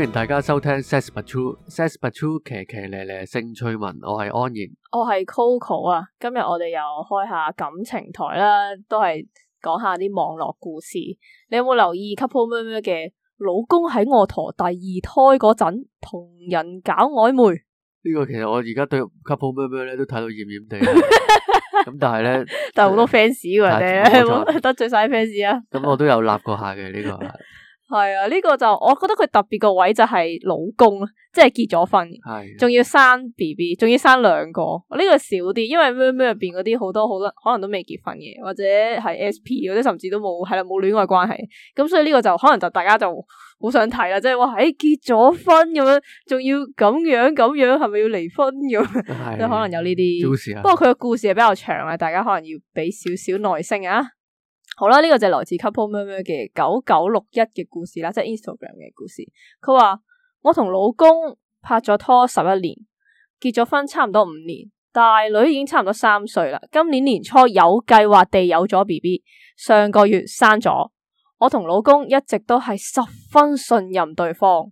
歡迎大家收聽《Sex Patrol》，《Sex Patrol》騎騎咧咧性趣聞，我係安然，我係 Coco 啊！今日我哋又開下感情台啦，都係講下啲網絡故事。你有冇留意 Couple 咩咩嘅老公喺我陀第二胎嗰陣同人搞曖昧？呢個其實我而家對 Couple 咩咩咧都睇到厭厭地，咁 但係咧， 但係好多 fans 嘅，但係，冇得罪晒 fans 啊！咁我都有立過下嘅呢個。 係啊，呢、呢個就我覺得佢特別個位就係老公，即係結咗婚，係仲、啊、要生 B B，仲要生兩個。呢、呢個少啲，因為咩咩入邊嗰啲好多好多可能都未結婚嘅，或者係 S P，或者甚至都冇係啦，冇戀、啊、愛關係。咁所以呢個就可能就大家就好想睇啦，即係哇，唉、哎、結咗婚咁、啊、樣，仲要咁樣咁樣，係咪要離婚咁？即係、啊、 可能有呢啲。啊、不過佢嘅故事係比較長啊，大家可能要俾少少耐性啊。好啦，呢、這個就係來自 couple 咩嘅九九六一嘅故事啦，即係 Instagram 嘅故事。佢話，我同老公拍咗拖十一年，結咗婚差唔多五年，大女已經差唔多三歲啦。今年年初有計劃地有咗 BB，上個月生咗。我同老公一直都係十分信任對方，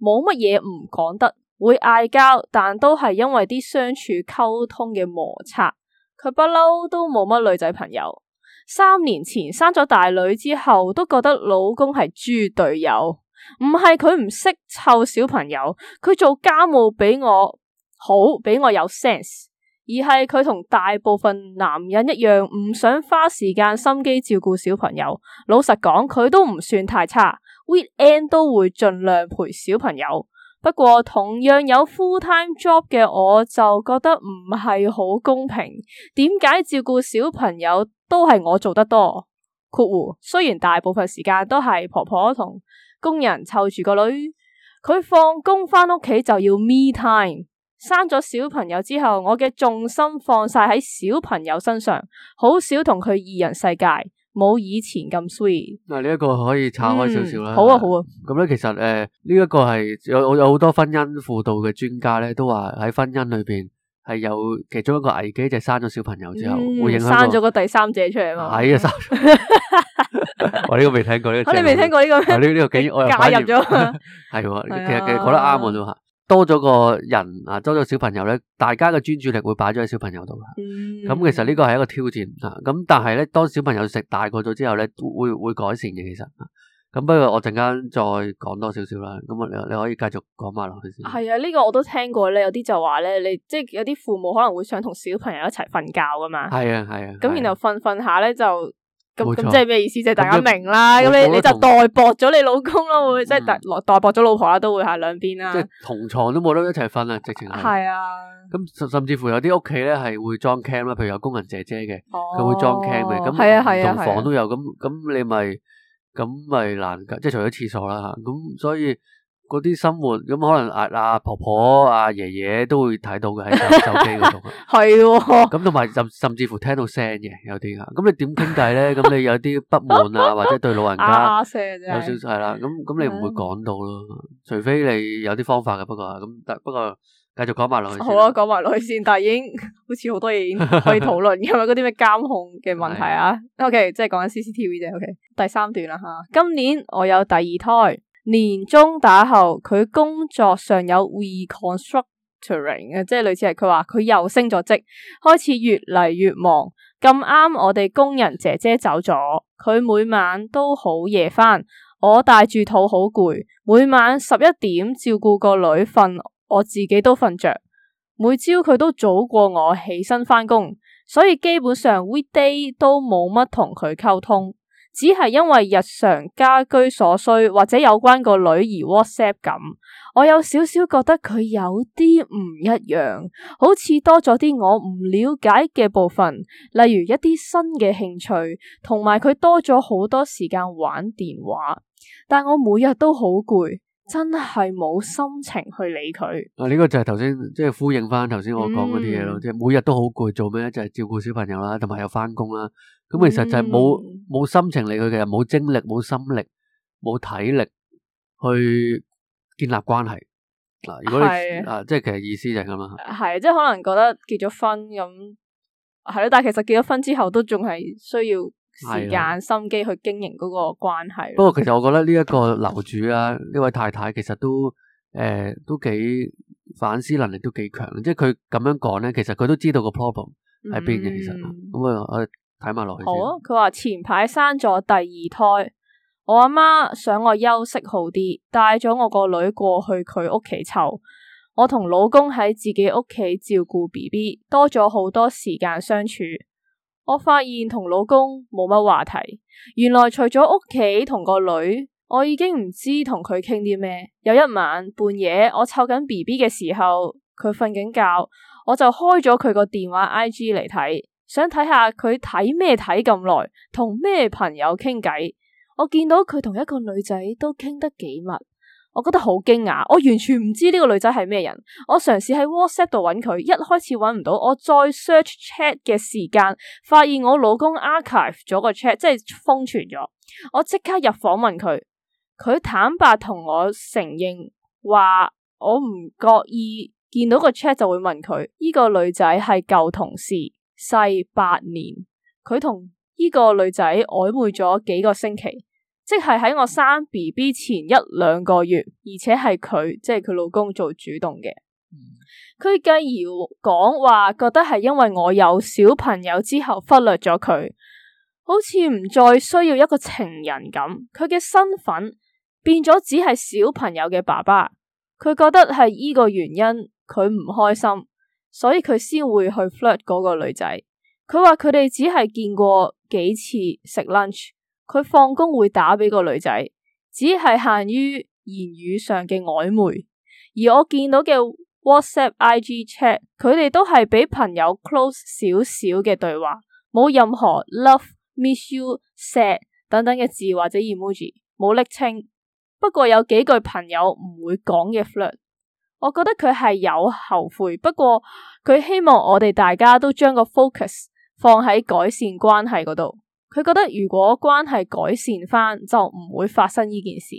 冇乜嘢唔講得，會嗌交，但都係因為啲相處溝通嘅摩擦。佢不嬲都冇乜女仔朋友。三年前生咗大女之後，都覺得老公係豬隊友，唔係佢唔識湊小朋友，佢做家務比我好，比我有 sense，而係佢同大部分男人一樣，唔想花時間心機照顧小朋友。老實講，佢都唔算太差，weekend 都會盡量陪小朋友。不過同樣有 full time job 嘅我就覺得唔係好公平，點解照顧小朋友都係我做得多？括弧雖然大部分時間都係婆婆同工人湊住個女，佢放工返屋企就要 me time。生咗小朋友之後，我嘅重心放晒喺小朋友身上，好少同佢二人世界。冇以前咁 sweet、嗯。嗱，呢一個可以拆開少少啦。好啊，好啊。咁咧，其實誒，呢、呃、一、這個係有有好多婚姻輔導嘅專家咧，都話喺婚姻裏邊係有其中一個危機，就係、生咗小朋友之後，嗯、會影響。生咗個第三者出嚟嘛？係啊，生、這個！我、啊、呢、這個未聽過呢、這個。我哋未聽過呢個咩？呢呢個竟然介入咗了。係 實啊，其實其實講得啱啊，都吓。多咗個人啊，多咗小朋友咧，大家嘅專注力會擺咗喺小朋友度。咁、嗯、其實呢個係一個挑戰啊。咁但係咧，當小朋友食大個咗之後咧，會會改善嘅。其實咁不過我陣間再講多少少啦。咁啊，你你可以繼續講埋落去先。係啊，呢、呢個我都聽過咧。有啲就話咧，你即係、就是、有啲父母可能會想同小朋友一齊瞓覺噶嘛。係啊係啊。咁、啊啊、然後瞓瞓下咧就。咁咁即係咩意思？即係大家明啦，咁你你就代駁咗你老公啦，會即係代代駁咗老婆啦，都會喺兩邊啦。即係同床都冇得一齊瞓啊，直情係。係啊。咁甚甚至乎有啲屋企咧係會裝 Cam 啦，譬如有工人姐姐嘅，佢會裝 Cam 嘅，咁同房都有，咁咁你咪咁咪難計，即係除咗廁所啦吓，咁所以。嗰啲生活咁可能阿阿婆婆阿爺爺都會睇到嘅喺手機嗰度，係喎。咁同埋甚甚至乎聽到聲嘅有啲啊。咁你點傾偈咧？咁你有啲不滿啊，或者對老人家聲啫有少少係啦。咁咁你唔會講到咯，除非你有啲方法嘅。不過咁不過繼續講埋落去。好啦，講埋落去先，但係已經好似好多嘢可以討論嘅，嗰啲咩監控嘅問題啊。OK，即係講緊 CCTV 啫。OK，第三段啦吓，今年我有第二胎。年終打後，佢工作上有 restructuring，即係類似係佢話佢又升咗職，開始越嚟越忙。咁啱我哋工人姐姐走咗，佢每晚都好夜返。我帶住肚好攰，每晚十一點照顧個女瞓，我自己都瞓着。每朝佢都早過我起身返工，所以基本上 weekday 都冇乜同佢溝通。只係因為日常家居所需，或者有關個女兒 WhatsApp 咁，我有少少覺得佢有啲唔一樣，好似多咗啲我唔了解嘅部分，例如一啲新嘅興趣，同埋佢多咗好多時間玩電話，但我每日都好攰。真係冇心情去理佢。啊，呢個就係頭先即係呼應翻頭先我講嗰啲嘢咯，即係每日都好攰，做咩咧？就係照顧小朋友啦，同埋有翻工啦。咁其實就係冇冇心情理佢其實，冇精力、冇心力、冇體力去建立關係。嗱、啊，如果你的啊，即係其實意思就係咁啦。係，即係可能覺得結咗婚咁係咯，但係其實結咗婚之後都仲係需要時間心機去經營嗰個關係。 不過其實我覺得呢一個樓主啊呢 位太太其實都誒、呃、都幾反思能力都幾強，即係佢咁樣講咧，其實佢都知道個 problem 喺邊嘅。其實咁啊，嗯、我睇埋落去。好，佢話前排生咗第二胎，我阿媽想我休息好啲，帶咗我個女過去佢屋企湊。我同老公喺自己屋企照顧 B B，多咗好多時間相處。我發現同老公冇乜話題，原來除咗屋企同個女，我已經唔知同佢傾啲咩。有一晚半夜，我湊緊 BB 嘅時候，佢瞓緊覺，我就開咗佢個電話 IG 嚟睇，想睇下佢睇咩睇咁耐，同咩朋友傾偈。我見到佢同一個女仔都傾得幾密。我覺得好驚訝，我完全唔知呢個女仔係咩人。我嘗試喺 WhatsApp 度搵佢，一開始搵唔到，我再 search chat 嘅時間，發現我老公 archive 咗個 chat，即係封存咗。我即刻入房問佢，佢坦白同我承認話，我唔覺意見到個 chat 就會問佢。呢、這個女仔係舊同事，細八年，佢同呢個女仔曖昧咗幾個星期。即係喺我生 BB 前一兩個月，而且係佢，即係佢老公做主動嘅。佢繼而講話，覺得係因為我有小朋友之後忽略咗佢，好似唔再需要一個情人咁。佢嘅身份變咗，只係小朋友嘅爸爸。佢覺得係呢個原因，佢唔開心，所以佢先會去 flirt 嗰個女仔。佢話佢哋只係見過幾次食 lunch。佢放工會打畀個女仔，只係限於言語上嘅曖昧。而我見到嘅 WhatsApp、IG chat，佢哋都係俾朋友 close 少少嘅對話，冇任何 love、miss you、sad 等等嘅字或者 emoji，冇瀝青。不過有幾句朋友唔會講嘅 flirt，我覺得佢係有後悔。不過佢希望我哋大家都將個 focus 放喺改善關係嗰度。佢覺得如果關係改善翻，就唔會發生呢件事。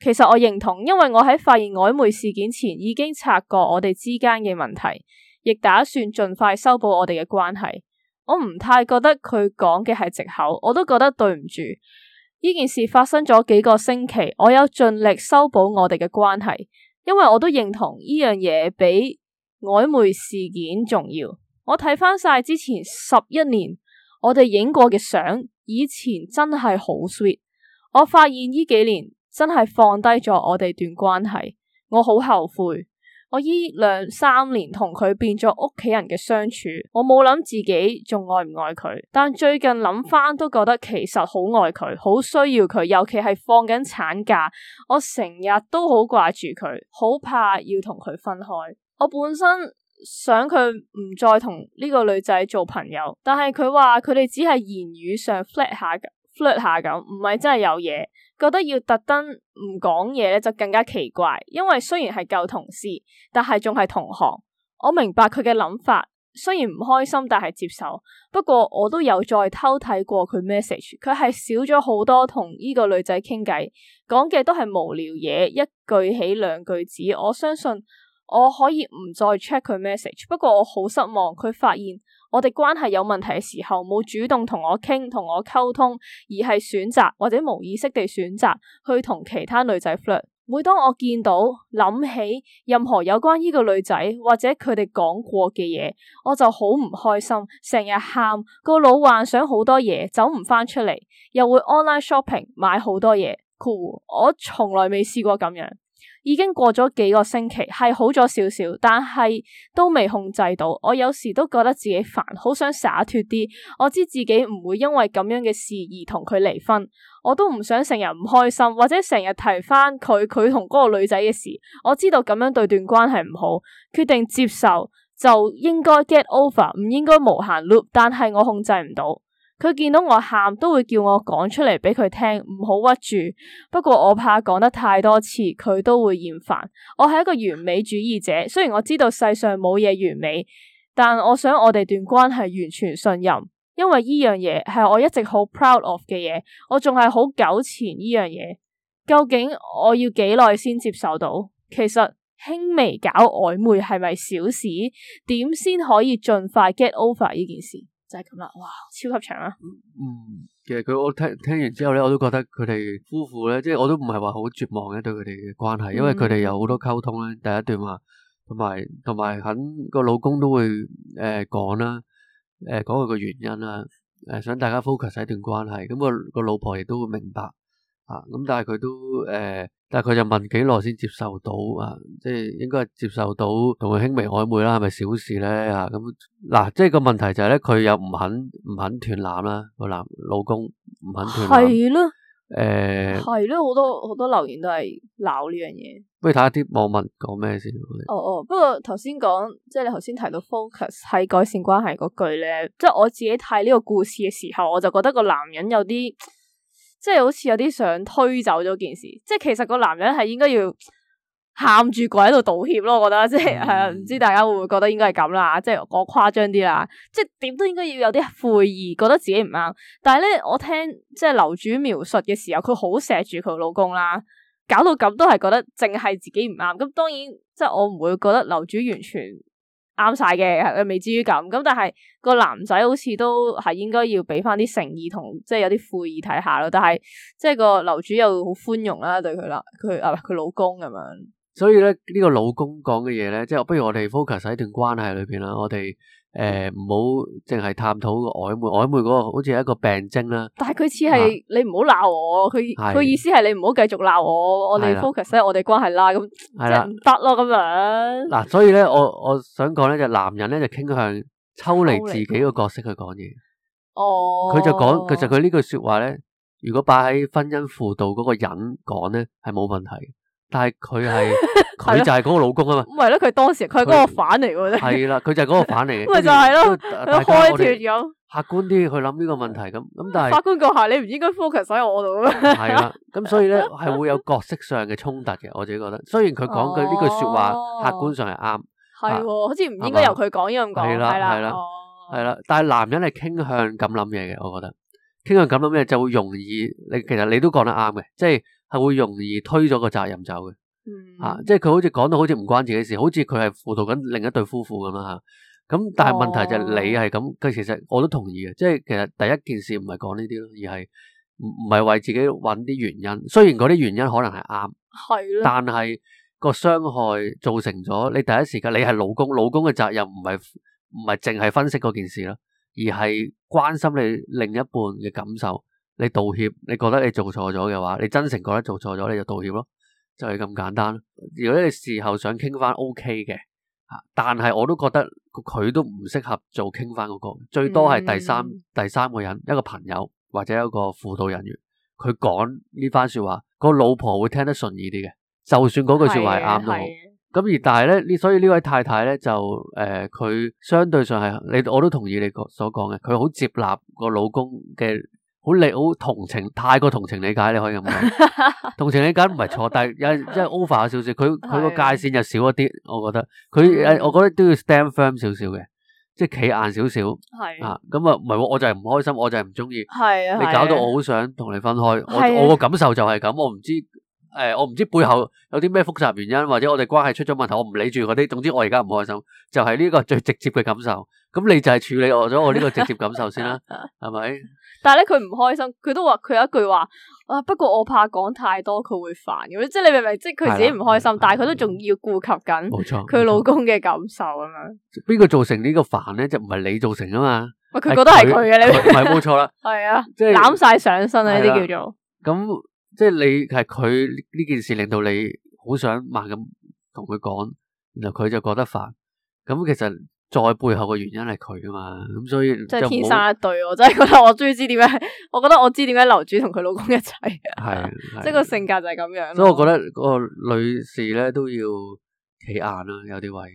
其實我認同，因為我喺發現曖昧事件前已經察覺我哋之間嘅問題，亦打算盡快修補我哋嘅關係。我唔太覺得佢講嘅係借口，我都覺得對唔住。呢件事發生咗幾個星期，我有盡力修補我哋嘅關係，因為我都認同呢樣嘢比曖昧事件重要。我睇翻晒之前十一年。我哋影過嘅相，以前真係好 sweet。我發現呢幾年真係放低咗我哋段關係，我好後悔。我呢兩三年同佢變咗屋企人嘅相處，我冇諗自己仲愛唔愛佢。但最近諗翻都覺得其實好愛佢，好需要佢。尤其係放緊產假，我成日都好掛住佢，好怕要同佢分開。我本身。想佢唔再同呢個女仔做朋友，但係佢話佢哋只係言語上 flat 下， flat 下咁，唔係真係有嘢。覺得要特登唔講嘢咧，就更加奇怪。因為雖然係舊同事，但係仲係同行。我明白佢嘅諗法，雖然唔開心，但係接受。不過我都有再偷睇過佢 message，佢係少咗好多同呢個女仔傾偈，講嘅都係無聊嘢，一句起兩句止。我相信。我可以唔再 check 佢 message，不過我好失望。佢發現我哋關係有問題嘅時候，冇主動同我傾、同我溝通，而係選擇或者無意識地選擇去同其他女仔 flirt。每當我見到諗起任何有關呢個女仔或者佢哋講過嘅嘢，我就好唔開心，成日喊，個腦幻想好多嘢，走唔翻出嚟，又會 online shopping 買好多嘢。Cool，我從來未試過咁樣。已經過咗幾個星期，係好咗少少，但係都未控制到。我有時都覺得自己煩，好想灑脫啲。我知自己唔會因為咁樣嘅事而同佢離婚，我都唔想成日唔開心，或者成日提翻佢，佢同嗰個女仔嘅事。我知道咁樣對段關係唔好，決定接受，就應該 get over，唔應該無限 loop。但係我控制唔到。佢見到我喊都會叫我講出嚟俾佢聽，唔好屈住。不過我怕講得太多次，佢都會厭煩。我係一個完美主義者，雖然我知道世上冇嘢完美，但我想我哋段關係完全信任，因為呢樣嘢係我一直好 proud of 嘅嘢。我仲係好糾纏呢樣嘢。究竟我要幾耐先接受到？其實輕微搞曖昧係咪小事？點先可以盡快 get over 呢件事？就係咁啦，哇，超級長啊！嗯，嗯，其實佢我聽聽完之後咧，我都覺得佢哋夫婦咧，即係我都唔係話好絕望嘅對佢哋嘅關係，因為佢哋有好多溝通咧。第一段話，同埋同埋肯個老公都會誒講啦，誒講佢個原因啦，誒想大家 focus 喺一段關係，咁個個老婆亦都會明白。啊！咁但係佢都誒，但係佢、呃、就問幾耐先接受到啊？即係應該係接受到同佢輕微曖昧啦，係咪小事咧、嗯嗯？啊！咁嗱，即係個問題就係咧，佢又唔肯唔肯斷纜啦，個男老公唔肯斷纜。係咯，誒，係咯，好多好多留言都係鬧呢樣嘢。不如睇下啲網民講咩先？哦哦，不過頭先講即係你頭先提到 focus 喺改善關係嗰句咧，即係我自己睇呢個故事嘅時候，我就覺得個男人有啲。即係好似有啲想推走咗件事，即係其實個男人係應該要喊住跪喺度道歉咯，我覺得即係係啊，唔知大家會唔會覺得應該係咁啦，即係我誇張啲啦，即係點都應該要有啲悔意，覺得自己唔啱。但係咧，我聽即係樓主描述嘅時候，佢好錫住佢老公啦，搞到咁都係覺得淨係自己唔啱。咁當然，即係我唔會覺得樓主完全。啱晒嘅，未至於咁。咁但係個男仔好似都係應該要俾翻啲誠意同即係有啲悔意睇下咯。但係即係個樓主又好寬容啦、啊，對佢啦，佢啊佢老公咁樣。所以咧，呢個老公講嘅嘢咧，即係不如我哋 focus 喺段關係裏邊啦，我哋。誒，唔好淨係探討個曖昧，曖昧嗰個好似係一個病徵啦。但係佢似係你唔好鬧我，佢佢意思係你唔好繼續鬧我，我哋 focus 喺我哋關係啦，咁係啦，唔得咯咁樣。嗱，所以咧，我我想講咧就，男人咧就傾向抽離自己個角色去講嘢。哦，佢就講，其實佢呢句說話咧離，如果擺喺婚姻輔導嗰個人講咧，係冇問題。但係佢係佢就係嗰個老公啊嘛，咁唔係咯，佢當時佢係嗰個反嚟嘅，係啦佢就係嗰個反嚟嘅，咪就係咯，開脫咗。客觀啲去諗呢個問題，咁咁但係法官個鞋你唔應該 focus 喺我度咯，係啦，咁所以咧係會有角色上嘅衝突嘅，我自己覺得，雖然佢講嘅呢句說話客觀上係啱，係喎，好似唔應該由佢講，依樣講，係啦係啦係啦，但係男人係傾向咁諗嘢嘅，我覺得傾向咁諗嘢就會容易，你其實你都講得啱嘅，即係。係會容易推咗個責任走嘅，啊，即係佢好似講到好似唔關自己事，好似佢係輔導緊另一對夫婦咁樣吓。咁但係問題就係你係咁，佢其實我都同意嘅，即係其實第一件事唔係講呢啲咯，而係唔唔係為自己揾啲原因。雖然嗰啲原因可能係啱，係啦，但係個傷害造成咗你第一時間，你係老公，老公嘅責任唔係唔係淨係分析嗰件事咯，而係關心你另一半嘅感受。你道歉，你覺得你做錯咗嘅話，你真誠覺得做錯咗，你就道歉咯，就係、是、咁簡單。如果你事後想傾翻，OK 嘅，嚇、okay，但係我都覺得佢都唔適合做傾翻嗰個，最多係第三、嗯、第三個人一個朋友或者一個輔導人員，佢講呢番説話個老婆會聽得順耳啲嘅，就算嗰句説話係啱都好。咁而但係咧呢，所以呢位太太咧就誒，佢、呃、相對上係你我都同意你所講嘅，佢好接納個老公嘅。好理好同情，太過同情理解，你可以咁講。 同情理解唔係錯，但係有即係 over 咗少少，佢佢個界線就少一啲，我覺得佢誒，我覺得都要 stand firm 少少嘅，即係企硬少少。係 的啊，咁啊，唔係我我就係唔開心，我就係唔中意。係啊的，你搞到我好想同你分開，我的我個感受就係咁，我唔知。誒、哎，我唔知背後有啲咩複雜原因，或者我哋關係出咗問題，我唔理住嗰啲。總之我而家唔開心，就係、是、呢個最直接嘅感受。咁你就係處理我咗我呢個直接感受先啦，係咪？但係咧，佢唔開心，佢都話佢有一句話啊。不過我怕講太多，佢會煩嘅。即係你明唔明？即係佢自己唔開心，但係佢都仲要顧及緊，冇錯，佢老公嘅感受啊嘛。邊個造成呢個煩咧？就唔係你造成啊嘛。喂，佢覺得係佢嘅，你係冇錯啦。係啊，即係攬晒上身啊，呢啲叫做咁。即係你係佢呢件事令到你好想慢咁同佢講，然後佢就覺得煩。咁其實在背後嘅原因係佢噶嘛咁所以即係天生一對。我真係覺得我終於知點解，我覺得我知點解樓主同佢老公一齊。係， 是 即係個性格就係咁樣。所以我覺得嗰個女士咧，都要企硬啦，有啲位。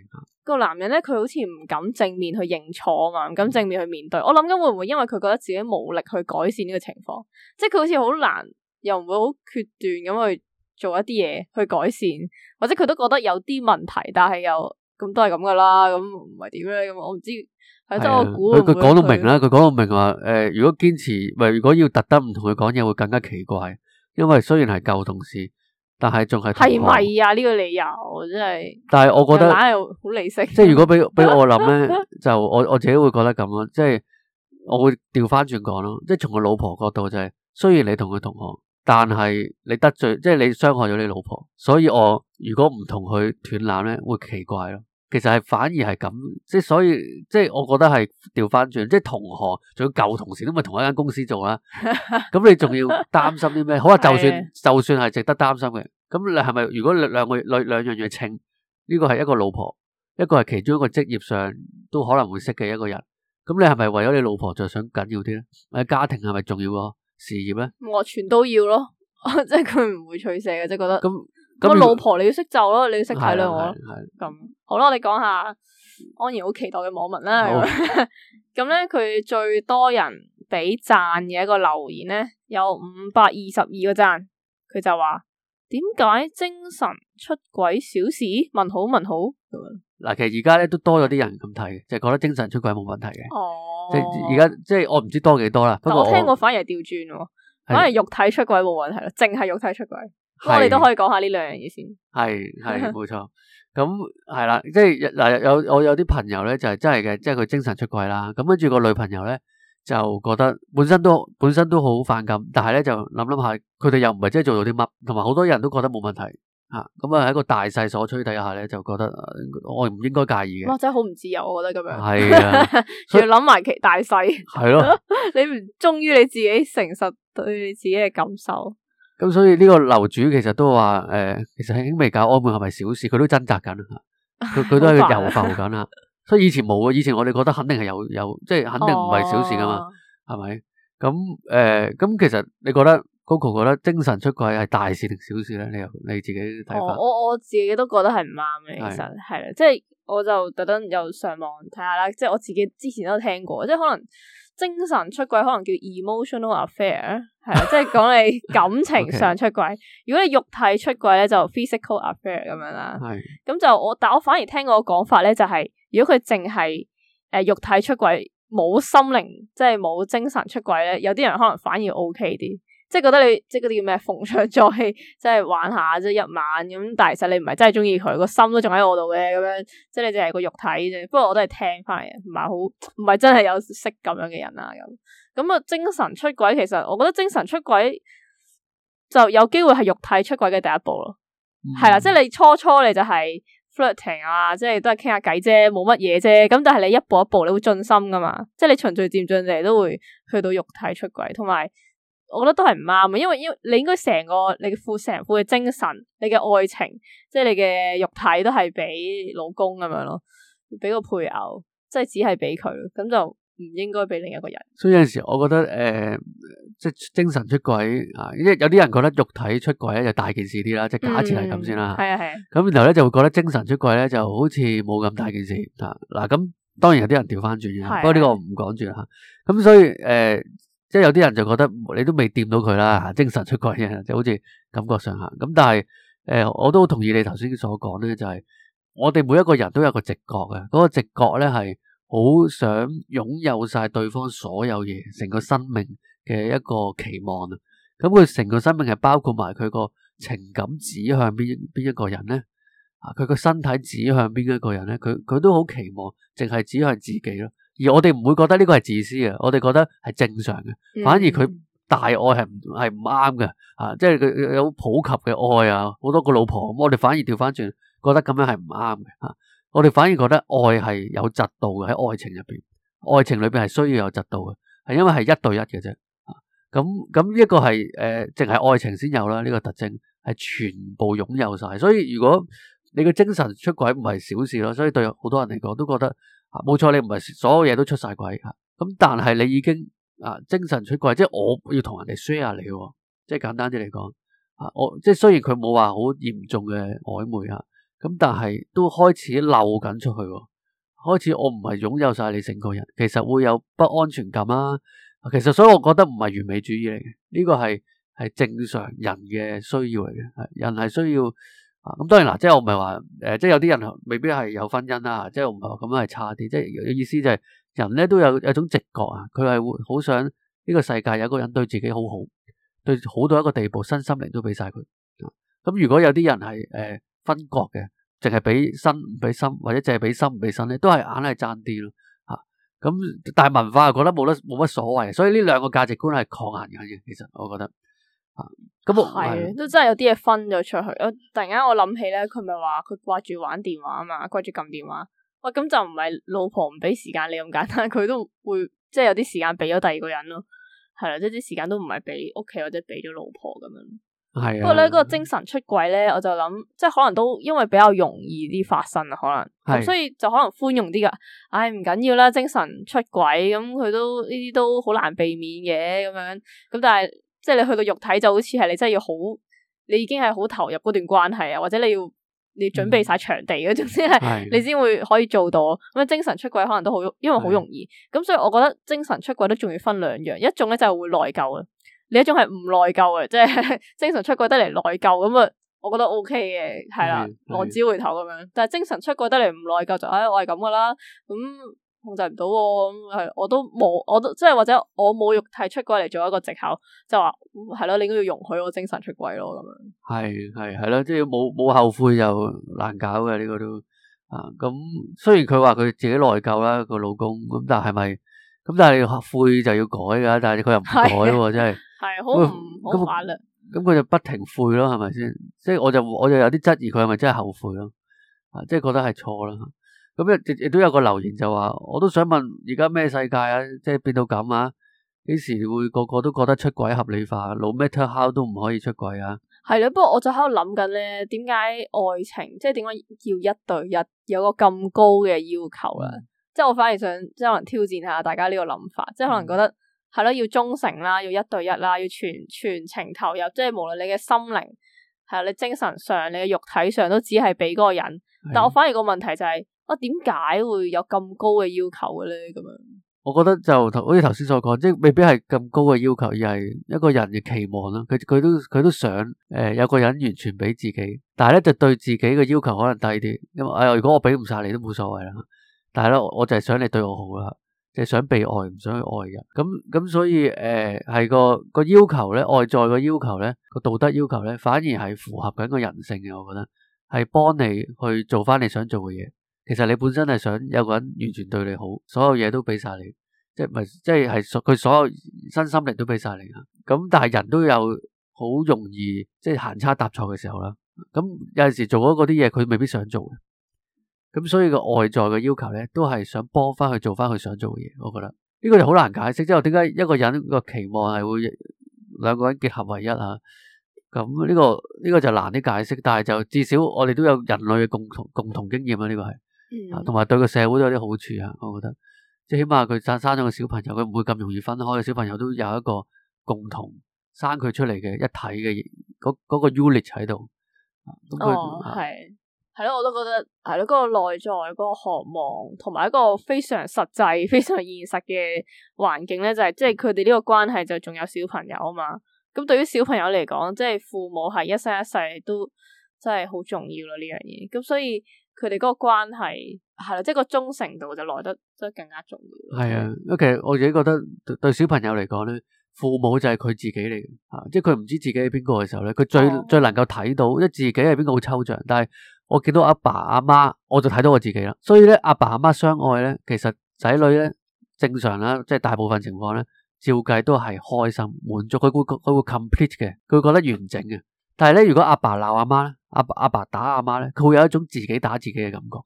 個男人咧，佢好似唔敢正面去認錯啊嘛，唔敢正面去面對。我諗緊會唔會因為佢覺得自己冇力去改善呢個情況？即係佢好似好難。又唔會好決斷咁去做一啲嘢去改善，或者佢都覺得有啲問題，但係又咁都係咁噶啦，咁唔係點樣？咁我唔知，係真係我估佢佢講到明啦，佢講到明話誒、呃，如果堅持咪、呃，如果要特登唔同佢講嘢，會更加奇怪。因為雖然係舊同事，但係仲係同學係咪啊？呢、這個理由真係，但係我覺得好理性。即係如果俾俾我諗咧， 就我我自己會覺得咁咯。即係我會調翻轉講咯，即係從個老婆角度就係，雖然你同佢同學。但係你得罪，即係你傷害咗你老婆，所以我如果唔同佢斷纜咧，會奇怪咯。其實係反而係咁，即係所以，即係我覺得係調翻轉，即係同行仲有舊同事都咪同一間公司做啦。咁你仲要擔心啲咩？好啊，就算就算係值得擔心嘅，咁你係咪如果兩個兩兩樣嘢秤？呢個係一個老婆，一個係其中一個職業上都可能會識嘅一個人。咁你係咪為咗你老婆就想緊要啲咧？我嘅家庭係咪重要咯？事業咩？我全都要咯，即係佢唔會取捨嘅，即係覺得咁。我老婆你要識就咯，你要識體諒我咯。咁好啦，我哋講下安然好期待嘅網民啦好。咁咧， 佢最多人俾讚嘅一個留言咧，有五百二十二個讚。佢就話：點解精神出軌小事？問好問好。嗱，其實而家咧都多咗啲人咁睇，就係覺得精神出軌冇問題嘅。哦。哦、即係而家，即係我唔知多幾多啦。但係我聽過，我反而係調轉，是反而肉體出軌冇問題咯，淨係肉體出軌。是我哋都可以講下呢兩樣嘢先。係，係冇錯，咁係啦，即係嗱，有我有啲朋友咧就係、是、真係嘅，即係佢精神出軌啦。咁跟住個女朋友咧就覺得本身都本身都好反感，但係咧就諗諗下，佢哋又唔係真係做到啲乜，同埋好多人都覺得冇問題。啊，咁啊喺一個大勢所趨底下咧，就覺得我唔應該介意嘅。哇，真係好唔自由，我覺得咁樣。係啊，要諗埋其大細。係咯，你唔忠於你自己，誠實對你自己嘅感受。咁所以呢個樓主其實都話，誒，其實兄未搞安穩係咪小事，佢都掙扎緊吓，佢佢都係游浮緊啊。所以以前冇啊，以前我哋覺得肯定係有有，即係肯定唔係小事噶嘛，係咪？咁誒，咁其實你覺得？o 高哥覺得精神出軌係大事定小事咧？你又你自己睇、哦、我我自己都覺得係唔啱嘅。的其實係啦，即係我就特登又上網睇下啦。即係我自己之前都聽過，即係可能精神出軌可能叫 emotional affair，係啊， 即係講你感情上出軌。 Okay. 如果你肉體出軌咧，就 physical affair 咁樣啦。係咁的就我，但我反而聽過個講法咧、就是，就係如果佢淨係誒肉體出軌，冇心靈，即係冇精神出軌咧，有啲人可能反而 OK 啲。即係覺得你即係嗰啲叫咩逢場作戲，即係玩下啫，一晚咁。但係其實你唔係真係中意佢，個心都仲喺我度嘅咁樣。即係你淨係個肉體啫。不過我都係聽翻嚟嘅，唔係好，唔係真係有識咁樣嘅人啊咁。咁啊，精神出軌其實我覺得精神出軌就有機會係肉體出軌嘅第一步咯。係啦，嗯，即係你初初你就係 flirting 啊，即係都係傾下偈啫，冇乜嘢啫。咁但係你一步一步你會進心噶嘛？即係你循序漸進你都會去到肉體出軌，同埋。我覺得都係唔啱啊，因為因你應該成個你嘅富成富嘅精神、你嘅愛情，即係你嘅肉體，都係俾老公咁樣咯，俾個配偶，即係只係俾佢，咁就唔應該俾另一個人。所以有陣時我覺得誒、呃，即係精神出軌啊，因為有啲人覺得肉體出軌就大件事啲啦，即係假設係咁先啦。係、嗯、啊係。咁、啊、然後咧就會覺得精神出軌咧就好似冇咁大件事啊嗱，咁當然有啲人調翻轉嘅，啊、不過呢個唔講住啦。咁、啊、所以誒。呃即係有啲人就覺得你都未掂到佢啦吓，精神出軌啊，就好似感覺上行咁。但係誒，我都好同意你頭先所講咧，就係我哋每一個人都有個直覺嘅，嗰個直覺咧係好想擁有晒對方所有嘢，成個生命嘅一個期望啊。咁佢成個生命係包括埋佢個情感指向邊邊一個人咧，啊，佢個身體指向邊一個人咧，佢佢都好期望，淨係指向自己咯。而我哋唔會覺得呢個係自私嘅，我哋覺得係正常嘅。反而佢大愛係係唔啱嘅，啊，即係佢有普及嘅愛啊，好多個老婆咁，我哋反而調翻轉，覺得咁樣係唔啱嘅。吓、啊，我哋反而覺得愛係有適度嘅喺愛情入邊，愛情裏邊係需要有適度嘅，係因為係一對一嘅啫。咁咁呢個係誒，淨、呃、係愛情先有啦。呢、呢個特徵係全部擁有曬，所以如果。你個精神出軌唔係小事咯，所以對好多人嚟講都覺得啊，冇錯你唔係所有嘢都出晒軌吓，咁但係你已經啊精神出軌，即係我要同人哋 share 你，即係簡單啲嚟講，我即係雖然佢冇話好嚴重嘅曖昧吓，咁但係都開始漏緊出去，開始我唔係擁有晒你成個人，其實會有不安全感啊。其實所以我覺得唔係完美主義嚟嘅，呢個係係正常人嘅需要嚟嘅，係人係需要。咁當然啦，即係我唔係話誒，即係有啲人未必係有婚姻啦，即係我唔係話咁樣係差啲，即係意思就係人咧都有一種直覺啊，佢係會好想呢個世界有個人對自己好好，對好到一個地步，身心靈都俾晒佢。咁、啊、如果有啲人係誒、呃、分割嘅，淨係俾身唔俾心，或者淨係俾心唔俾身咧，都係硬係爭啲咯嚇。咁、啊、但係文化又覺得冇得冇乜所謂，所以呢兩個價值觀係抗衡緊嘅，其實我覺得。咁我係都真係有啲嘢分咗出去。我的突然間我諗起咧，佢咪話佢掛住玩電話啊嘛，掛住撳電話。喂，咁就唔係老婆唔俾時間你咁簡單，佢都會即係有啲時間俾咗第二個人咯。係啦，即啲時間都唔係俾屋企或者俾咗老婆咁樣。係是的 不過咧，個精神出軌咧，我就諗即係可能都因為比較容易啲發生啊，可能咁，是的 所以就可能寬容啲噶。唉、哎，唔緊要啦，精神出軌咁，佢都呢啲都好難避免嘅咁樣。咁但係。即係你去到肉體就好似係你真係要好，你已經係好投入嗰段關係啊，或者你要你要準備晒場地啊，嗰種先係你先會可以做到。咁啊，精神出軌可能都好，因為好容易。咁、嗯、所以我覺得精神出軌都仲要分兩樣，一種咧就係會內疚啊，另一種係唔內疚嘅，即、就、係、是、精神出軌得嚟內疚咁啊，我覺得 OK 嘅係啦，浪、嗯、子回頭咁樣。但係精神出軌得嚟唔內疚就，唉、哎，我係咁噶啦，咁、嗯。控制唔到咁，係，我都冇，我都即係或者我冇肉體出軌嚟，做一個借口，就話係咯，你應該要容許我精神出軌咯咁樣。係係係咯，即係冇冇後悔就難搞嘅，呢、這個都啊。咁雖然佢話佢自己內疚啦個老公，咁但係咪咁但係悔就要改噶，但係佢又唔改的真係，係好唔合理。咁佢那就不停悔咯，係咪先？即係我就我就有啲質疑佢係咪真係後悔咯？啊，即係覺得係錯啦。咁亦亦亦都有個留言就話，我都想問，而家咩世界啊？即係變到咁啊？幾時會個個都覺得出軌合理化，啊，老咩偷敲都唔可以出軌啊？係咯，不過我就喺度諗緊咧，點解愛情即係點解要一對一有一個咁高嘅要求咧？即係、嗯、我反而想即係可能挑戰下大家呢個諗法，即係可能覺得係咯，嗯，要忠誠啦，要一對一啦，要全全程投入，即、就、係、是、無論你嘅心靈，係你精神上、你嘅肉體上都只係俾嗰個人。的但我反而個問題就係、是。啊，點解會有咁高嘅要求嘅咧？咁樣，我覺得就好似頭先所講，即係未必係咁高嘅要求，而係一個人嘅期望啦。佢佢都佢都想誒、呃，有個人完全俾自己，但係咧就對自己嘅要求可能低啲。咁、嗯、啊、哎，如果我俾唔晒你都冇所謂啦。但係咧，我就係想你對我好啦，即、就、係、是、想被愛，唔想去愛人。咁咁所以誒、係、呃、個個要求咧，外在嘅要求咧，個道德要求咧，反而係符合緊個人性嘅。我覺得係幫你去做翻你想做嘅嘢。其實你本身係想有個人完全對你好，所有嘢都俾晒你，即係咪？即係係佢所有身心力都俾晒你啊！咁但係人都有好容易即係行差踏錯嘅時候啦。咁有陣時做咗嗰啲嘢，佢未必想做嘅。咁所以個外在嘅要求咧，都係想幫翻佢做翻佢想做嘅嘢。我覺得呢個就好難解釋，即係點解一個人個期望係會兩個人結合為一啊？咁呢個呢個就難啲解釋，但係就至少我哋都有人類嘅共同共同經驗啊！呢個係。啊，同埋、嗯、對個社會都有啲好處啊！我覺得，即係起碼佢生生咗個小朋友，佢唔會咁容易分開。個小朋友都有一個共同生佢出嚟嘅一體嘅，嗰嗰、個 unit 喺度。哦，係係咯，我都覺得係咯，嗰、個內在嗰、個渴望，同埋一個非常實際、非常現實嘅環境咧、就係，就係即係佢哋呢個關係就仲有小朋友啊嘛。咁對於小朋友嚟講，即、就、係、係、父母係一生一世都真係好重要咯呢樣嘢。咁所以。佢哋嗰個關係係啦，即係、就是、個忠誠度就來得得更加重要。係啊，咁其實我自己覺得對小朋友嚟講咧，父母就係佢自己嚟，吓、啊、即係佢唔知自己係邊個嘅時候咧，佢最、哦、最能夠睇到，即係自己係邊個好抽象。但係我見到阿爸阿媽，我就睇到我自己啦。所以咧，阿爸阿媽相愛咧，其實仔女咧正常啦，即、就、係、是、大部分情況咧，照計都係開心滿足，佢會佢會 complete 嘅，佢會覺得完整嘅。但係咧，如果阿爸鬧阿媽咧，阿阿爸打阿媽咧，佢會有一種自己打自己嘅感覺，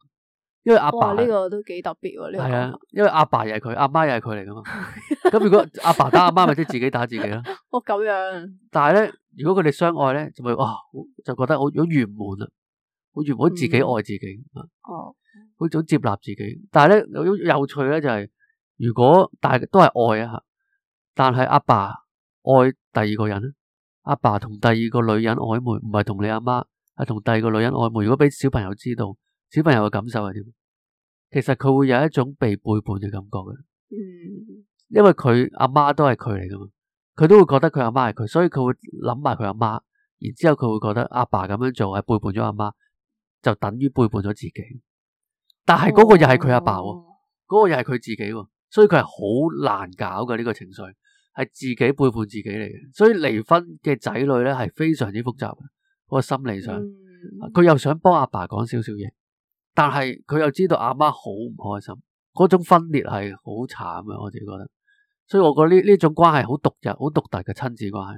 因為阿爸，爸呢、呢個都幾特別喎、啊。係啊，因為阿爸又係佢，阿媽又係佢嚟噶嘛。咁 如果阿爸，爸打阿媽，咪即係自己打自己咯。 哦，咁樣。但係咧，如果佢哋相愛咧，就哦，就覺得好好圓滿啦，好圓滿，圓滿自己愛自己。嗯、哦。好，好接納自己。但係咧，好有趣咧，就係如果大家都係愛啊，但係阿爸，爸愛第二個人阿爸同第二個女人曖昧，唔係同你阿媽，係同第二個女人曖昧。如果俾小朋友知道，小朋友嘅感受係點？其實佢會有一種被背叛嘅感覺嘅，因為佢阿媽都係佢嚟噶嘛，佢都會覺得佢阿媽係佢，所以佢會諗埋佢阿媽，然之後佢會覺得阿爸咁樣做係背叛咗阿媽，就等於背叛咗自己。但係嗰個又係佢阿爸喎，哦，嗰個又係佢自己喎，所以佢係好難搞嘅呢個情緒。係自己背叛自己嚟嘅，所以離婚嘅仔女咧係非常之複雜，個心理上佢、嗯、又想幫阿爸講少少嘢，但係佢又知道阿媽好唔開心，嗰種分裂係好慘嘅，我自己覺得，所以我覺得呢呢種關係好獨日好獨特嘅親子關係，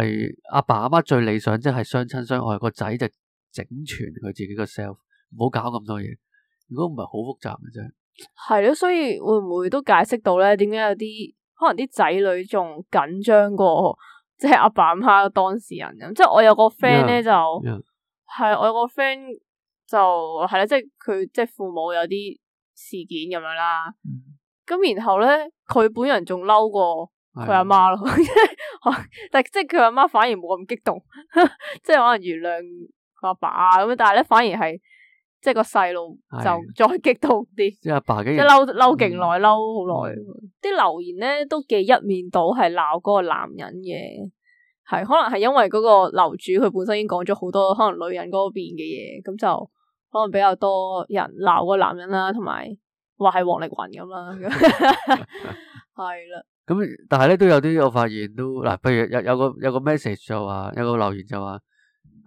係阿爸阿媽最理想雙雙，即係相親相愛個仔就整全佢自己個 self，唔好搞咁多嘢，如果唔係好複雜嘅啫。係。係咯，所以會唔會都解釋到咧？點解有啲？可能啲仔女仲緊張過即係阿爸阿媽當事人咁，即係我有個 friend 咧就係 Yeah, yeah. 我有個 friend 就係啦，即係佢即係父母有啲事件咁樣啦，咁然後咧佢本人仲嬲過佢阿媽咯，但係 Yeah. 即係佢阿媽反而冇咁激動， 即係可能原諒佢阿爸咁樣，但係咧反而係。即係個細路就再激動啲，的即係阿爸，爸，即嬲嬲勁耐，嬲好耐。啲的留言咧都幾一面倒，係鬧嗰個男人嘅，係可能係因為嗰個樓主佢本身已經講咗好多，可能女人嗰邊嘅嘢，咁就可能比較多人鬧個男人啦，同埋話係王力宏咁啦，係啦。咁但係咧都有啲，我發現都嗱，不如有有個有個 message 就話，有個留言就話。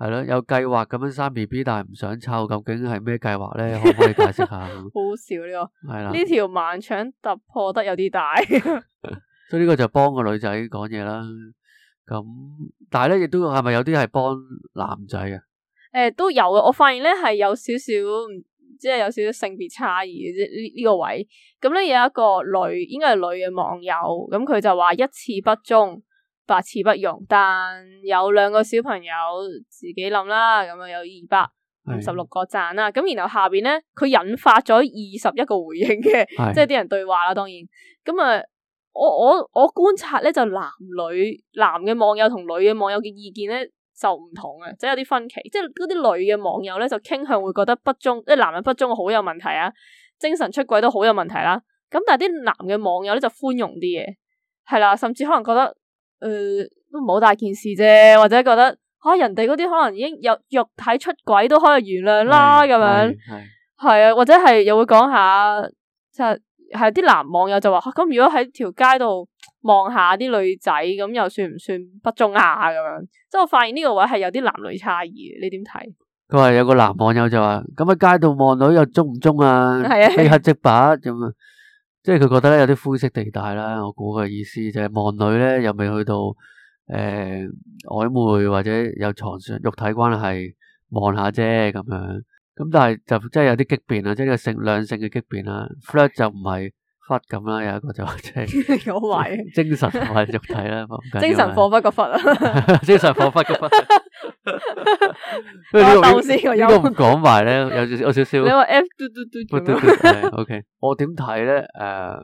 係咯，有計劃咁樣生 B B，但係唔想湊，究竟係咩計劃咧？可唔可以解釋下？ 好笑呢、這個，係啦了，呢條盲腸突破得有啲大 所以呢個就幫個女仔講嘢啦。咁但係咧，亦都係咪有啲係幫男仔啊？誒、呃，都有啊！我發現咧係有少少，即係有少少性別差異，即呢呢個位。咁咧有一個女，應該係女嘅網友，咁佢就話一次不忠。百詞不容，但有兩個小朋友自己諗啦，咁啊有二百五十六個贊啦，咁是的 然後下邊咧佢引發咗二十一個回應嘅，是的 即係啲人對話啦，當然，咁啊我我我觀察咧就男女男嘅網友同女嘅網友嘅意見咧就唔同啊，即係有啲分歧，即係嗰啲女嘅網友咧就傾向會覺得不忠，即係男人不忠好有問題啊，精神出軌都好有問題啦、啊，咁但係啲男嘅網友咧就寬容啲嘢，係啦，甚至可能覺得。誒、呃，都唔好大件事啫，或者覺得吓、啊、人哋嗰啲可能已經有肉體出軌都可以原諒啦，咁是樣係啊是，或者係又會講下，就係、是、啲男網友就話，咁、啊、如果喺條街度望下啲女仔，咁又算唔算不忠呀咁樣？即係我發現呢個位係有啲男女差異嘅，你點睇？佢話有個男網友就話，咁喺街度望到又忠唔忠啊？係啊，睇下直白咁啊。即係佢覺得咧，有啲灰色地帶啦，我估嘅意思就係望女咧，又未去到誒曖昧或者有床上肉體關係，望下啫咁樣，咁但係就真係有啲激變啦，即係性兩性嘅激變啦，flirt 就唔係忽咁啦，有一個就即係講埋精神唔係肉體啦，精神恍惚個忽啊，精神恍惚個忽。不我唔講埋咧，有少少，有少少。你話 F 嘟嘟嘟，O K，我點睇咧？誒，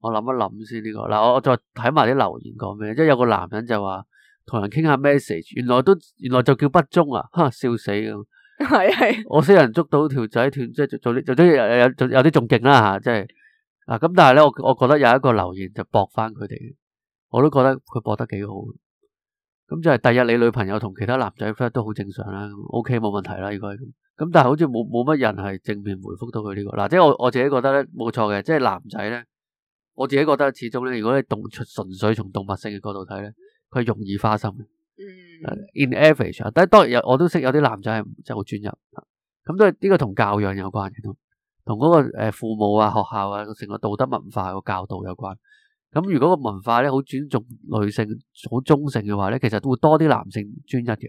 我諗一諗先呢個。嗱、okay.，我我再睇埋啲留言講咩？即係有個男人就話同人傾下 message，原來都原來就叫不忠啊！吓、so，笑死咁。係係。我識人捉到條仔斷，即係做啲做啲有有有啲仲勁啦吓，即係啊咁。但係咧，我我覺得有一個留言就駁翻佢哋，我都覺得佢駁得幾好。咁就係第日你女朋友同其他男仔 friend 都好正常啦，OK 冇問題啦，依、這個係咁。咁但係好似冇冇乜人係正面回覆到佢呢、這個嗱，即係我我自己覺得咧冇錯嘅，即係男仔咧，我自己覺得始終咧，如果你動純粹從動物性嘅角度睇咧，佢係容易花心嘅。嗯。In average，但係當然有我都識有啲男仔係真係好專一。咁都係呢個同教養有關嘅，同嗰個誒父母啊、學校啊成個道德文化個教導有關。咁如果個文化咧好尊重女性、好中性嘅話咧，其實都會多啲男性專一嘅，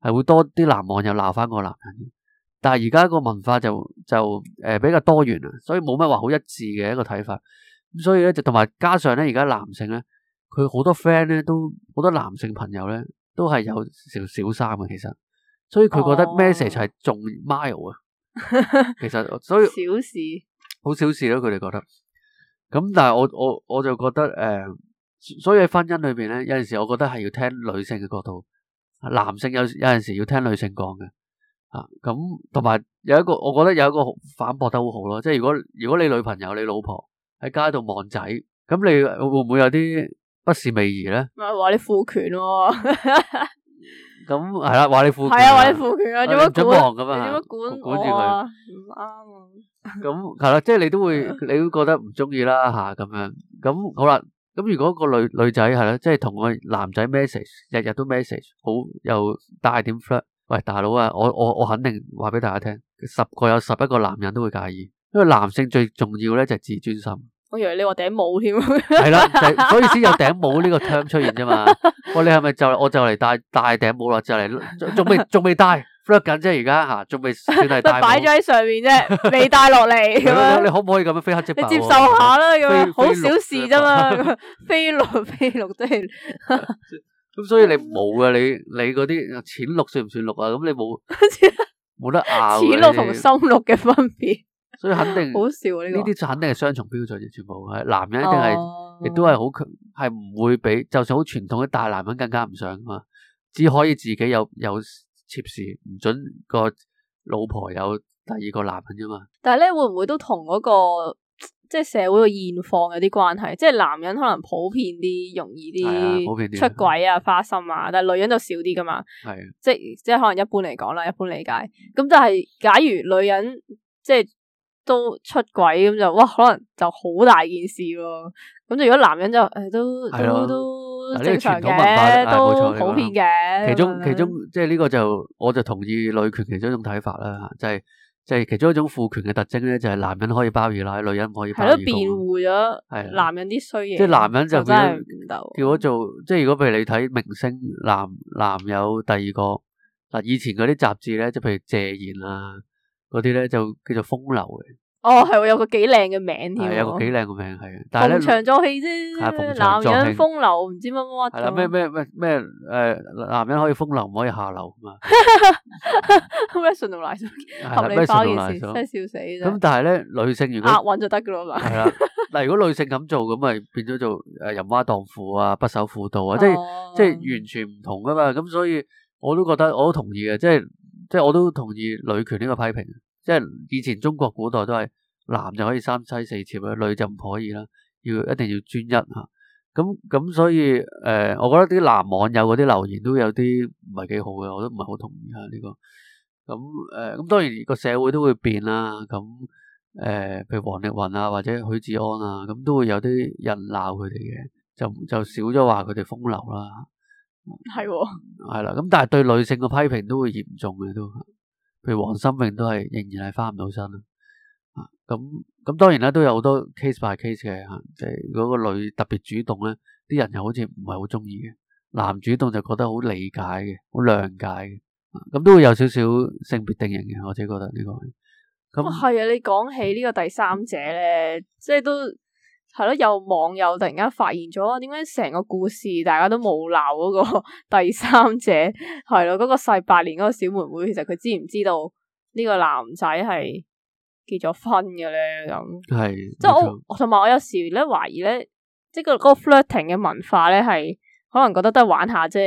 係會多啲男網友鬧翻個男人。但係而家個文化就就誒、呃、比較多元啊，所以冇乜話好一致嘅一個睇法。咁所以咧就同埋加上咧，而家男性咧，佢好多 friend 咧都好多男性朋友咧都係有小，小三嘅，其實，所以佢覺得 message 係仲 mild 啊。其實所以小事好小事咯，佢哋覺得。咁但係我我我就覺得誒、呃，所以喺婚姻裏邊咧，有陣時我覺得係要聽女性嘅角度，男性有有陣時要聽女性講嘅吓。咁同埋有一個，我覺得有一個反駁得好好咯，即係如果如果你女朋友、你老婆喺街度望仔，咁你會唔會有啲不是味兒咧？咪話你父權咯，啊。 咁係啦，話你負權，係啊，話你負權啊，咁樣，做乜管？唔准望咁啊，你做乜管住佢？唔啱啊！咁係啦，即係你都會，你都覺得唔中意啦吓，咁樣。咁好啦，咁如果個女女仔係啦，即係同個男仔 message，日日都 message，好又帶點 flirt，喂，大佬啊，我我我肯定話俾大家聽，十個有十一個男人都會介意，因為男性最重要咧就係自尊心。我以為你話頂帽添，係啦，所以先有頂帽呢個 term 出現啫嘛。喂，你係咪就我就嚟戴戴頂帽啦，就嚟仲未仲未戴，飛緊啫而家吓，仲未算係戴。擺咗喺上面啫，未戴落嚟咁樣。你可唔可以咁樣非黑即白？你接受下啦，咁樣好小事啫嘛。非綠非綠即係咁，所以你冇噶你你嗰啲淺綠算唔算綠啊？咁你冇冇得拗。淺綠同深綠嘅分別。所以肯定好笑呢、啊、啲，就肯定係雙重標準嘅，全部係男人一定係，亦、啊、都係好強，係唔會比，就算好傳統嘅大男人更加唔想噶嘛，只可以自己有有妾侍，唔准個老婆有第二個男人啫嘛。但係咧，會唔會都同嗰、嗰個即係社會嘅現況有啲關係？即係男人可能普遍啲，容易啲普遍啲，出軌啊、花心啊，但係女人就少啲噶嘛。係的，即係即係可能一般嚟講啦，一般理解。咁就係假如女人即係。都出軌，咁就哇，可能就好大件事咯。咁就如果男人就誒都都都正常嘅，都普遍嘅。其中其中即係呢個就我就同意女權其中一種睇法啦，就係就係其中一種父權嘅特徵咧，就係男人可以包二奶，女人唔可以。係都辯護咗係男人啲衰嘢，即係男人就變咗變鬥，變咗做即係，如果譬如你睇明星男男友第二個嗱，以前嗰啲雜誌咧，即譬如謝賢啊嗰啲咧，就叫做風流嘅。哦，係喎，有個幾靚嘅名添，有個幾靚嘅名係，但係咧捧場做戲啫，男人風流唔知乜乜乜。係啦，咩咩咩咩誒，男人可以風流，唔可以下流啊嘛。Professional，同垃圾，同你包件事真係笑死。咁但係咧，女性如果壓韻就得噶啦嘛。係啦，嗱，如果女性咁做，咁咪變咗做誒淫娃蕩婦啊，不守婦道啊，即係即係完全唔同噶嘛。咁所以我都覺得，我都同意嘅，即係即係我都同意女權呢個批評。即係以前中國古代都係男就可以三妻四妾啊，女就唔可以啦，要一定要專一吓。咁咁所以誒、呃，我覺得啲男網友嗰啲留言都有啲唔係幾好嘅，我都唔係好同意吓呢、這個。咁誒，咁、呃、當然個社會都會變啦。咁誒，譬、呃、如王力宏啊，或者許志安啊，咁都會有啲人鬧佢哋嘅，就就少咗話佢哋風流啦。係係啦，咁但係對女性嘅批評都會嚴重嘅都。譬如黃心穎都係仍然係翻唔到身啦，啊咁咁當然啦，都有好多 case by case 嘅吓，即係嗰個女特別主動咧，啲、嗯嗯、人又好似唔係好中意嘅，男主動就、啊嗯嗯、覺得好理解嘅，好諒解嘅，咁都會有少少性別定型嘅，我自己覺得呢個咁。係啊，你講起呢個第三者咧，即、就、係、是、都。呃就是都係咯，有網友突然間發現咗，點解成個故事大家都冇鬧嗰個 第三者？係咯，嗰個細八年嗰個小妹妹，其實佢知唔知道呢個男仔係結咗婚嘅咧？咁係，是即係錯我同埋我有時咧懷疑咧，即係嗰個 flirting 嘅文化咧，係可能覺得得玩下啫，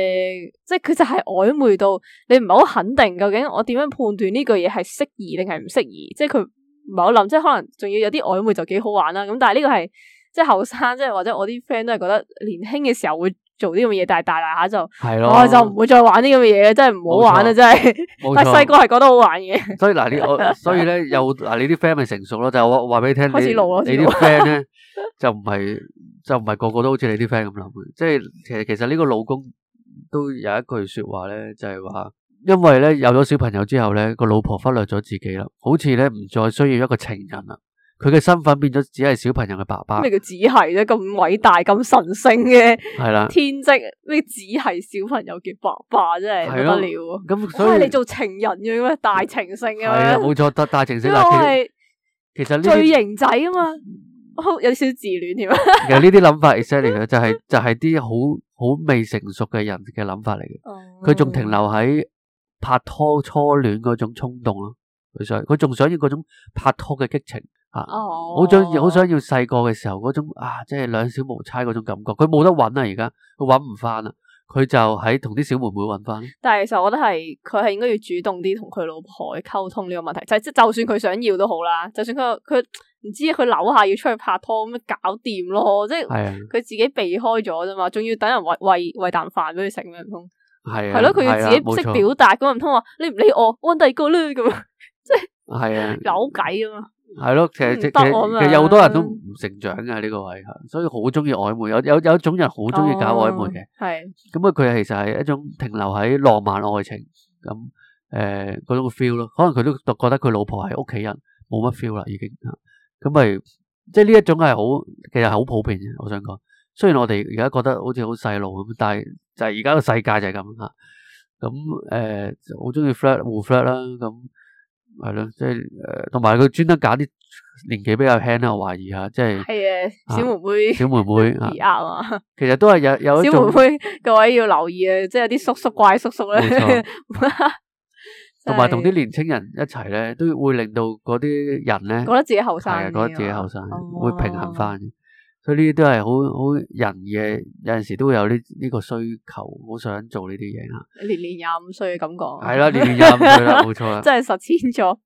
即係佢就係曖昧到你唔係好肯定究竟我點樣判斷呢個嘢係適宜定係唔適宜？即係佢。唔係我諗，即係可能仲要有啲曖昧就幾好玩啦。咁但係呢個係即係後生，即係或者我啲 friend 都係覺得年輕嘅時候會做啲咁嘅嘢，但係大大下就係咯的，我就唔會再玩啲咁嘅嘢，真係唔好玩啊！錯真係，但係細個係覺得好玩嘅。所以嗱， 你我所以咧，有嗱你啲 friend 咪成熟咯，就我話俾你聽，開始老咯，你你啲 friend 咧就唔係就唔係個個都好似你啲 friend 咁諗，即係其實其實呢個老公都有一句說話咧，就係話。因為咧有咗小朋友之後咧，個老婆忽略咗自己啦，好似咧唔再需要一個情人啦。佢嘅身份變咗只係小朋友嘅爸爸。咩叫係偉大是的 只係啫？咁偉大咁神聖嘅係啦，天職咩只係小朋友嘅爸爸真係的不得了。咁所以你做情人嘅咩大情聖啊？係啊，冇錯，大情聖但係其實最型仔啊嘛，嘛，有少少自戀添。 其實呢啲諗法係真嚟嘅，就係、是、就係啲好好未成熟嘅人嘅諗法嚟嘅。佢仲 停留喺拍拖初戀嗰種衝動咯，啊，佢想佢仲想要嗰種拍拖嘅激情吓，好想好想要細個嘅時候嗰種啊，即係兩小無猜嗰種感覺。佢冇得搵啊，而家佢搵唔翻啊。佢就喺同啲小妹妹搵翻。但係其實我覺得係佢係應該要主動啲同佢老婆溝通呢個問題，就即，係，就算佢想要都好啦，就算佢佢唔知佢樓下要出去拍拖咁樣搞掂咯，即係佢自己避開咗啫嘛，仲的要等人喂喂喂啖飯俾佢食咩唔通？係係咯，佢要自己識表達噶嘛，唔通話你唔理我揾第個咧咁，即係係啊，扭計對 has 啊嘛，係咯，啊，其實唔其實好多人都唔成長噶呢個位，所以好中意曖昧，有有有種人好中意搞曖昧嘅，係咁啊。佢其實係一種停留喺浪漫愛情咁誒嗰種 feel 咯。可能佢都覺得佢老婆係屋企人，冇乜 feel 啦已經。咁咪即係呢一種係好，其實係好普遍嘅。我想講。雖然我哋而家覺得好似好細路咁，但係就而家個世界就係咁吓。咁誒，好中意 flat 互 flat 啦，咁係咯，即係誒，同埋佢專登揀啲年紀比較輕咧，我懷疑下，即係係誒，小妹妹，的小妹妹，二阿嘛，其實都係有有小妹妹，各位要留意啊，即係有啲叔叔怪叔叔咧。冇錯，同埋同啲年青人一齊咧，都會令到嗰啲人咧，覺得自己後生，覺得自己後生，會平衡翻。佢呢啲都係好好人嘅，有陣時都會有呢呢、呢個需求，好想做呢啲嘢啊！年年廿五歲感覺，係啦，年年廿五歲啦，冇錯啦，真係實踐咗。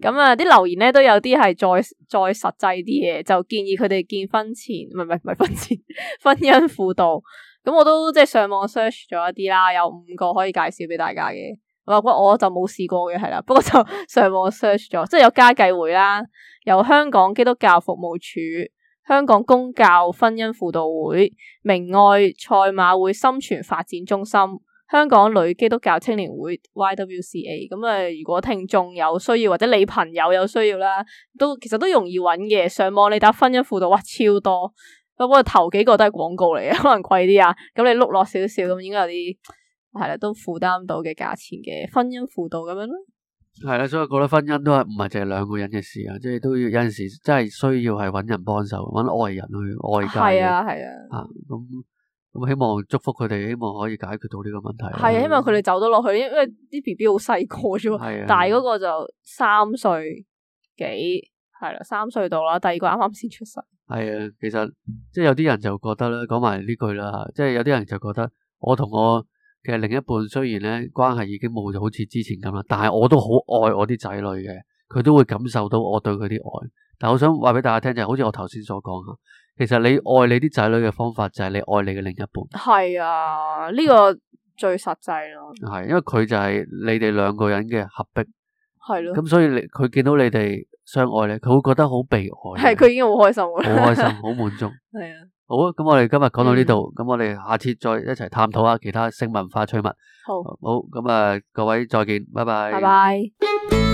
咁啊，啲留言咧都有啲係再再實際啲嘢，就建議佢哋見婚前，唔係唔係唔係婚前婚姻輔導。咁 我都即係上網 search 咗一啲啦，有五個可以介紹俾大家嘅。不過我就冇試過嘅，係啦，不過就上網 search 咗，即係有家計會啦，由香港基督教服務處、香港公教婚姻輔導會、明愛賽馬會心存發展中心、香港女基督教青年會 YWCA，咁啊，CA，如果聽眾有需要或者你朋友有需要啦，都其實都容易揾嘅上網你打婚姻輔導，哇，超多，不過頭幾個都係廣告嚟，可能貴啲啊。咁你碌落少少咁，應該有啲係啦，都負擔到嘅價錢嘅婚姻輔導咁樣。係啦，所以我覺得婚姻都係唔係淨係兩個人嘅事啊，即係都要有陣時，真係需要係搵人幫手，搵愛人去外家。係啊，係啊。啊，咁咁希望祝福佢哋，希望可以解決到呢個問題。係啊，希望佢哋走得落去，因為啲 B B 好細個啫嘛，大嗰個就三歲幾，係啦，三歲到啦，第二個啱啱先出世。係啊，其實即係有啲人就覺得咧，講埋呢句啦，即係有啲人就覺得我同我。其實另一半雖然咧關係已經冇咗好似之前咁啦，但係我都好愛我啲仔女嘅，佢都會感受到我對佢啲愛。但我想話俾大家聽就係、係，好似我頭先所講啊，其實你愛你啲仔女嘅方法就係你愛你嘅另一半。係啊，呢、呢個最實際咯。係，因為佢就係你哋兩個人嘅合璧。係咯、啊。咁所以你佢見到你哋相愛咧，佢會覺得好被愛。係，佢已經好開、開心。好開心，好滿足。係啊。好啊，咁我哋今日講到呢度，咁、嗯、我哋下次再一齊探討下其他性文化趣聞。好，好，好，咁啊，各位再見，拜拜，拜拜。